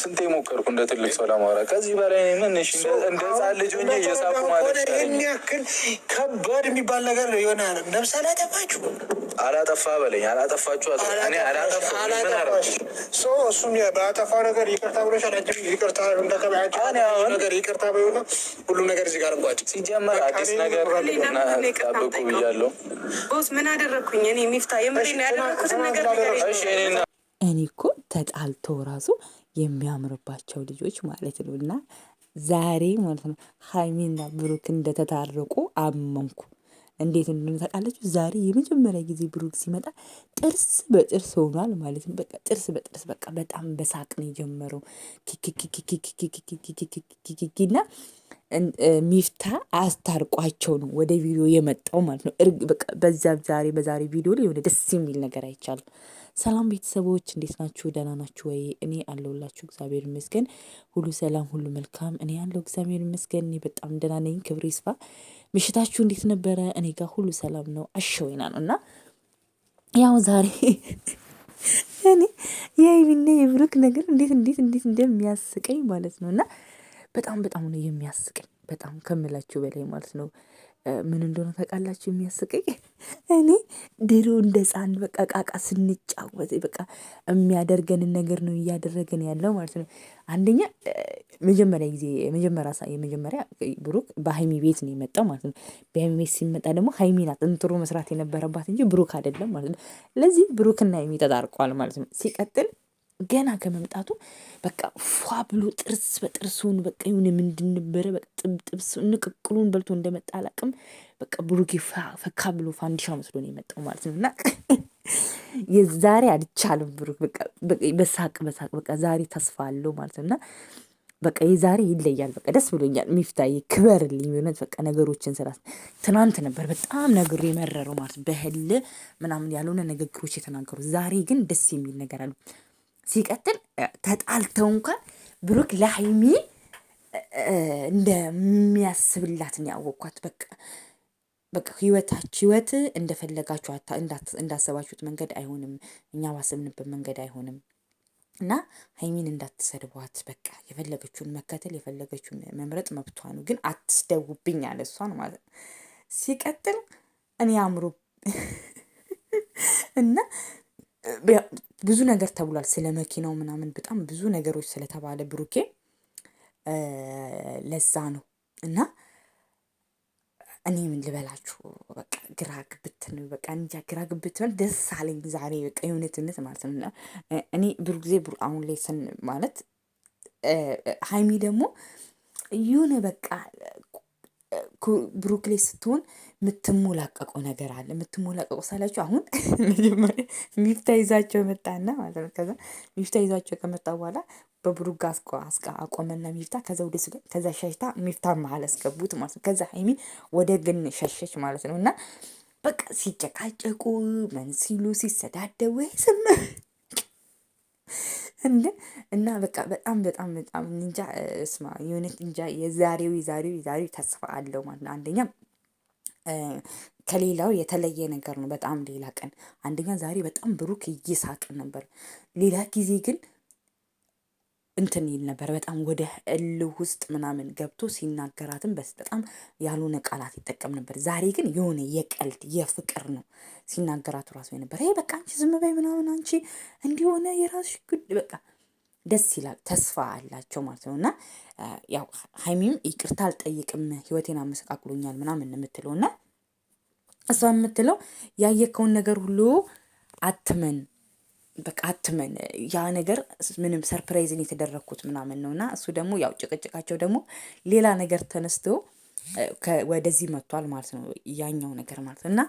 ስንቴ ሞከርኩ እንደ ትልቅ ሰው ለማውራ ከዚህ በላይ ምን እንደ ህፃን ልጅ ሆኜ እየሳቁ ማለት ይህን ያክል ከባድ የሚባል ነገር የሆነ ነብስ አላጠፋችሁ አላጠፋ በለኝ አላጠፋችሁ ሰው እሱም በአጠፋው ነገር ይቅርታ ብሎሻል። ይቅርታ ነገር ይቅርታ ሆነ ሁሉም ነገር እዚህ ጋር እንጓጭ። ሲጀመር አዲስ ነገር ጠብቁ ብያለሁ። ቦስ ምን አደረግኩኝ እኔ ሚፍታ የምሬ ያደረግኩትን ነገር እኔ እኮ ተጣልቶ ራሱ የሚያምርባቸው ልጆች ማለት ነው። እና ዛሬ ማለት ነው ሀይሚና ብሩክ እንደተታረቁ አመንኩ። እንዴት እንደሆነ ታውቃላችሁ? ዛሬ የመጀመሪያ ጊዜ ብሩክ ሲመጣ ጥርስ በጥርስ ሆኗል ማለት ነው። በቃ ጥርስ በጥርስ በቃ በጣም በሳቅ ነው የጀመረው። ኪኪኪኪኪኪኪኪኪኪኪኪኪና ሚፍታ አስታርቋቸው ነው ወደ ቪዲዮ የመጣው ማለት ነው። በዛ ዛሬ በዛሬ ቪዲዮ ላይ የሆነ ደስ የሚል ነገር አይቻልም። ሰላም ቤተሰቦች እንዴት ናችሁ? ደህና ናችሁ ወይ? እኔ አለሁላችሁ እግዚአብሔር ይመስገን፣ ሁሉ ሰላም፣ ሁሉ መልካም። እኔ አለሁ እግዚአብሔር ይመስገን፣ እኔ በጣም ደህና ነኝ። ክብር ይስፋ። ምሽታችሁ እንዴት ነበረ? እኔ ጋር ሁሉ ሰላም ነው፣ አሸወይና ነው እና ያው ዛሬ እኔ የሀይሚና የብሩክ ነገር እንዴት እንዴት እንዴት እንደሚያስቀኝ ማለት ነው እና በጣም በጣም ነው የሚያስቀኝ በጣም ከምላችሁ በላይ ማለት ነው። ምን እንደሆነ ታውቃላችሁ የሚያስቀኝ? እኔ ድሮ እንደ ሕፃን በቃ ቃቃ ስንጫወት በቃ የሚያደርገንን ነገር ነው እያደረገን ያለው ማለት ነው። አንደኛ መጀመሪያ ጊዜ የመጀመሪያ የመጀመሪያ ብሩክ በሀይሚ ቤት ነው የመጣው ማለት ነው። በሀይሚ ቤት ሲመጣ ደግሞ ሀይሚ ናት እንትሮ መስራት የነበረባት እንጂ ብሩክ አይደለም ማለት ነው። ለዚህ ብሩክና ሀይሚ ተጣርቋል ማለት ነው። ሲቀጥል ገና ከመምጣቱ በቃ ፏ ብሎ ጥርስ በጥርሱን በቃ የሆነ ምንድን ነበረ ጥብጥብስ ንቅቅሉን በልቶ እንደመጣ አላቅም። በቃ ብሩኬ ፈካ ብሎ ፋንዲሻ መስሎ ነው የመጣው ማለት ነው። እና የዛሬ አልቻለም ብሩክ በሳቅ በሳቅ በቃ ዛሬ ተስፋ አለው ማለት ነው። እና በቃ የዛሬ ይለያል። በቃ ደስ ብሎኛል። ሚፍታዬ ክበርልኝ። የሆነት በቃ ነገሮችን ስራ ትናንት ነበር በጣም ነገሩ የመረረው ማለት በህል ምናምን ያልሆነ ንግግሮች የተናገሩ ዛሬ ግን ደስ የሚል ነገር አሉ። ሲቀጥል ተጣልተው እንኳን ብሩክ ለሀይሚ እንደሚያስብላት ነው ያወቅኳት። በቃ በቃ ህይወታች ህይወት እንደፈለጋችሁ እንዳሰባችሁት መንገድ አይሆንም፣ እኛ ባሰብንበት መንገድ አይሆንም እና ሀይሚን እንዳትሰድቧት። በቃ የፈለገችውን መከተል የፈለገችውን መምረጥ መብቷ ነው፣ ግን አትስደቡብኝ አለ እሷን ማለት ነው። ሲቀጥል እኔ አምሩ እና ብዙ ነገር ተብሏል። ስለ መኪናው ምናምን በጣም ብዙ ነገሮች ስለተባለ ብሩኬ ለዛ ነው እና እኔ ምን ልበላችሁ በቃ ግራ ግብት ነው። በቃ እንጃ ግራ ግብት ነው። ደስ አለኝ ዛሬ በቃ የእውነትነት ማለት ነው። እና እኔ ብሩ ጊዜ ብሩ አሁን ላይ ስን ማለት ሀይሚ ደግሞ የሆነ በቃ ብሩክ ላይ ስትሆን የምትሞላቀቀው ነገር አለ። የምትሞላቀቀው ሳላችሁ አሁን መጀመሪያ ሚፍታ ይዛቸው መጣና ማለት ነው። ከዛ ሚፍታ ይዛቸው ከመጣ በኋላ በብሩጋ አስቃ አቆመና ሚፍታ ከዛ ወደ ከዛ ሸሽታ ሚፍታ መሀል አስገቡት ማለት ነው። ከዛ ሀይሚ ወደ ግን ሸሸች ማለት ነው። እና በቃ ሲጨቃጨቁ ምን ሲሉ ሲሰዳደው ስም እንደ እና በቃ በጣም በጣም በጣም እንጃ ስማ የሆነት እንጃ የዛሬው የዛሬው የዛሬው ተስፋ አለው ማለት ነው አንደኛ ከሌላው የተለየ ነገር ነው። በጣም ሌላ ቀን አንደኛ ዛሬ በጣም ብሩክ እየሳቅን ነበር። ሌላ ጊዜ ግን እንትን ይል ነበር። በጣም ወደ እልህ ውስጥ ምናምን ገብቶ ሲናገራትም በስ በጣም ያልሆነ ቃላት ይጠቀም ነበር። ዛሬ ግን የሆነ የቀልድ የፍቅር ነው ሲናገራት ራሱ ነበር። ይሄ በቃ አንቺ ዝም በይ ምናምን አንቺ እንዲሆነ የራስሽ ጉድ በቃ ደስ ይላል። ተስፋ አላቸው ማለት ነው እና ያው ሀይሚም ይቅርታ አልጠይቅም ህይወቴን አመሰቃቅሎኛል ምናምን የምትለው እና እሷ የምትለው ያየከውን ነገር ሁሉ አትመን በቃ አትመን፣ ያ ነገር ምንም ሰርፕራይዝን የተደረግኩት ምናምን ነው እና እሱ ደግሞ ያው ጭቅጭቃቸው ደግሞ ሌላ ነገር ተነስቶ ወደዚህ መጥቷል ማለት ነው፣ ያኛው ነገር ማለት ነው እና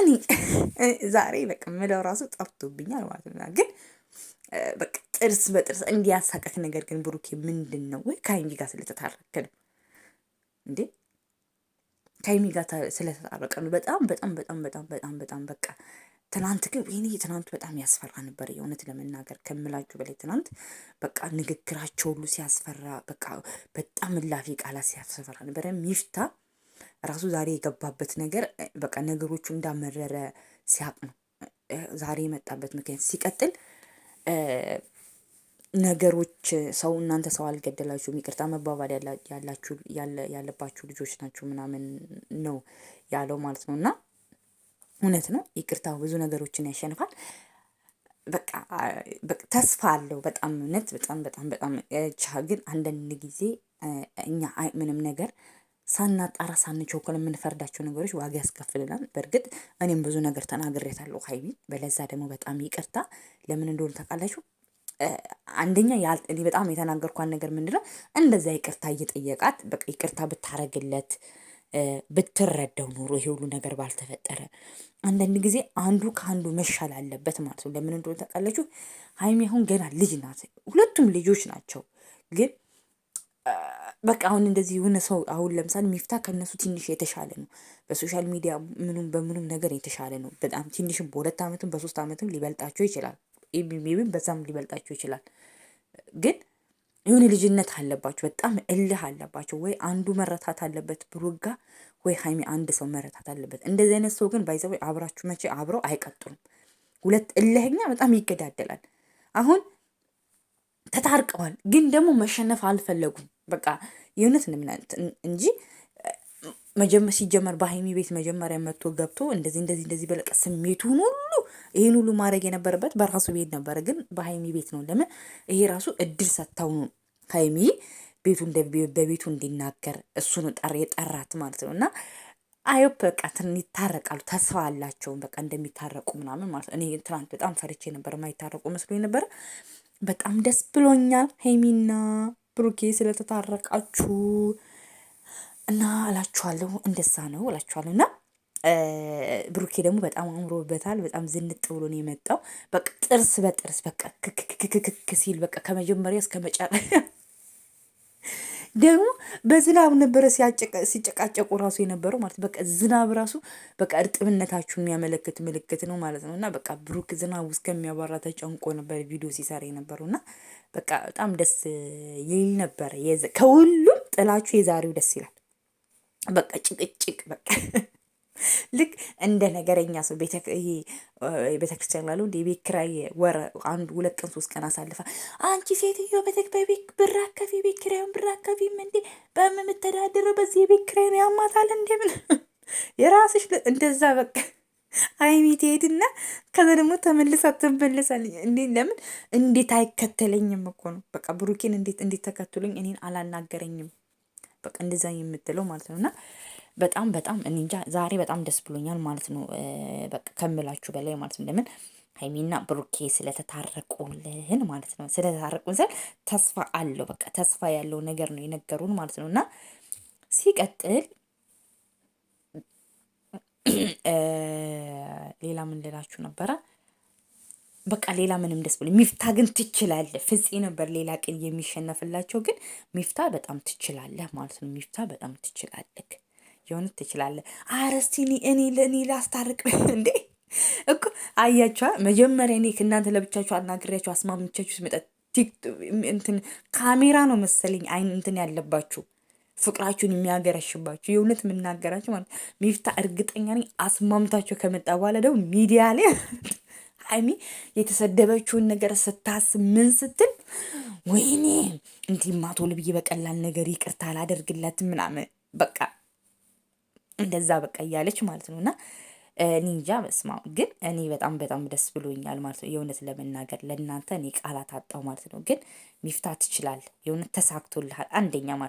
እኔ ዛሬ በቃ ምለው ራሱ ጠፍቶብኛል ማለት ነው ግን በቃ ጥርስ በጥርስ እንዲያሳቀክ። ነገር ግን ብሩኬ ምንድን ነው ወይ ከሀይሚ ጋር ስለተታረክ ነው እንዴ? ከሀይሚ ጋር ስለተታረቀ ነው። በጣም በጣም በጣም በጣም በጣም በጣም በቃ ትናንት ግን ይህኔ ትናንት በጣም ያስፈራ ነበር። የእውነት ለመናገር ከምላችሁ በላይ ትናንት በቃ ንግግራቸው ሁሉ ሲያስፈራ፣ በቃ በጣም እላፊ ቃላት ሲያስፈራ ነበረ። ሚፍታ ራሱ ዛሬ የገባበት ነገር በቃ ነገሮቹ እንዳመረረ ሲያቅ ነው ዛሬ የመጣበት ምክንያት ሲቀጥል ነገሮች ሰው እናንተ ሰው አልገደላችሁም ይቅርታ መባባል ያላችሁ ያለባችሁ ልጆች ናችሁ ምናምን ነው ያለው ማለት ነው። እና እውነት ነው ይቅርታ ብዙ ነገሮችን ያሸንፋል። በቃ ተስፋ አለው በጣም እውነት በጣም በጣም በጣም ቻ ግን አንዳንድ ጊዜ እኛ ምንም ነገር ሳናጣራ ሳንቸኮል የምንፈርዳቸው ነገሮች ዋጋ ያስከፍልናል። በእርግጥ እኔም ብዙ ነገር ተናግሬታለሁ ሀይሚን፣ በለዛ ደግሞ በጣም ይቅርታ። ለምን እንደሆነ ታውቃላችሁ? አንደኛ እኔ በጣም የተናገርኳን ነገር ምንድነው እንደዛ ይቅርታ እየጠየቃት በቃ ይቅርታ ብታረግለት ብትረዳው ኖሮ ይሄ ሁሉ ነገር ባልተፈጠረ። አንዳንድ ጊዜ አንዱ ከአንዱ መሻል አለበት ማለት ነው። ለምን እንደሆነ ታውቃላችሁ? ሀይሚ አሁን ገና ልጅ ናት፣ ሁለቱም ልጆች ናቸው ግን በቃ አሁን እንደዚህ የሆነ ሰው አሁን ለምሳሌ ሚፍታ ከነሱ ትንሽ የተሻለ ነው። በሶሻል ሚዲያ ምኑም በምኑም ነገር የተሻለ ነው። በጣም ትንሽም በሁለት ዓመትም በሶስት ዓመትም ሊበልጣቸው ይችላል። ቢቢም በዛም ሊበልጣቸው ይችላል። ግን የሆነ ልጅነት አለባቸው፣ በጣም እልህ አለባቸው። ወይ አንዱ መረታት አለበት ብሩጋ፣ ወይ ሀይሚ አንድ ሰው መረታት አለበት። እንደዚህ አይነት ሰው ግን ባይዘ አብራችሁ መቼ አብረው አይቀጥሉም። ሁለት እልህኛ በጣም ይገዳደላል። አሁን ተታርቀዋል፣ ግን ደግሞ መሸነፍ አልፈለጉም። በቃ የእውነት እንምናለት እንጂ መጀመር ሲጀመር በሀይሚ ቤት መጀመሪያ መጥቶ ገብቶ እንደዚህ እንደዚህ እንደዚህ በለቀ ስሜቱን ሁሉ ይህን ሁሉ ማድረግ የነበረበት በራሱ ቤት ነበረ፣ ግን በሀይሚ ቤት ነው። ለምን ይሄ ራሱ እድል ሰጥተው ነው ሀይሚ ቤቱ በቤቱ እንዲናገር እሱን ጠር የጠራት ማለት ነው። እና አዮ በቃ ትን ይታረቃሉ፣ ተስፋ አላቸውም በቃ እንደሚታረቁ ምናምን ማለት ነው። እኔ ትናንት በጣም ፈርቼ ነበር፣ ማይታረቁ መስሎኝ ነበረ። በጣም ደስ ብሎኛል ሀይሚና ብሩኬ ስለተታረቃችሁ እና እላችኋለሁ። እንደዛ ነው እላችኋለሁ። እና ብሩኬ ደግሞ በጣም አምሮበታል። በጣም ዝንጥ ብሎ ነው የመጣው። በቃ ጥርስ በጥርስ በቃ ክክክክክክክ ሲል በቃ ከመጀመሪያ እስከ መጨረሻ ደግሞ በዝናብ ነበረ ሲጨቃጨቁ ራሱ የነበረው ማለት በቃ ዝናብ ራሱ በቃ እርጥብነታችሁ የሚያመለክት ምልክት ነው ማለት ነው። እና በቃ ብሩክ ዝናብ እስከሚያባራ ከሚያባራ ተጨንቆ ነበር ቪዲዮ ሲሰራ የነበረው እና በቃ በጣም ደስ ይል ነበረ። ከሁሉም ጥላችሁ የዛሬው ደስ ይላል። በቃ ጭቅጭቅ በቃ ልክ እንደ ነገረኛ ሰው ቤተክርስቲያን ላለ እንደ ቤት ኪራይ ወር አንድ ሁለት ቀን ሶስት ቀን አሳልፋ አንቺ ሴትዮ በቤት ብር አካፊ ቤት ኪራዩን ብር አካፊም እንዴ በምምተዳደረው በዚህ የቤት ኪራይ ነው ያማታል እንዴ ምን የራስሽ እንደዛ በቃ ሀይሚ ትሄድና ከዛ ደግሞ ተመልሳ ትመለሳለች። ለምን እንዴት አይከተለኝም እኮ ነው። በቃ ብሩኬን እንዴት እንዴት ተከትሎኝ እኔን አላናገረኝም። በቃ እንደዛ የምትለው ማለት ነው። እና በጣም በጣም እኔ እንጃ ዛሬ በጣም ደስ ብሎኛል ማለት ነው። በቃ ከምላችሁ በላይ ማለት ነው። ለምን ሀይሚና ብሩኬ ስለተታረቁልን ማለት ነው። ስለተታረቁን ስል ተስፋ አለው። በቃ ተስፋ ያለው ነገር ነው የነገሩን ማለት ነው። እና ሲቀጥል ሌላ ምን ልላችሁ ነበረ? በቃ ሌላ ምንም ደስ ብሎ ሚፍታ ግን ትችላለህ። ፍጽ ነበር ሌላ ቀን የሚሸነፍላቸው፣ ግን ሚፍታ በጣም ትችላለህ ማለት ነው። ሚፍታ በጣም ትችላለህ፣ የእውነት ትችላለህ። ኧረ እኔ ለእኔ ላስታርቅ እንዴ እኮ አያቸዋ። መጀመሪያ እኔ እናንተ ለብቻችሁ አናግሬያችሁ አስማምቻችሁ ስመጣ እንትን ካሜራ ነው መሰለኝ አይን እንትን ያለባችሁ ፍቅራችሁን የሚያገረሽባችሁ የእውነት የምናገራችሁ ማለት ሚፍታ እርግጠኛ ነኝ አስማምታቸው ከመጣ በኋላ ደግሞ ሚዲያ ላይ ሀይሚ የተሰደበችውን ነገር ስታስብ ምን ስትል ወይኔ እንዲህ ማቶል ብዬ በቀላል ነገር ይቅርታ አላደርግለት ምናምን በቃ እንደዛ በቃ እያለች ማለት ነው እና ኒንጃ በስማ ግን እኔ በጣም በጣም ደስ ብሎኛል ማለት ነው። የእውነት ለመናገር ለእናንተ እኔ ቃላት አጣው ማለት ነው። ግን ሚፍታ ትችላል የእውነት ተሳክቶልሃል አንደኛ ማለት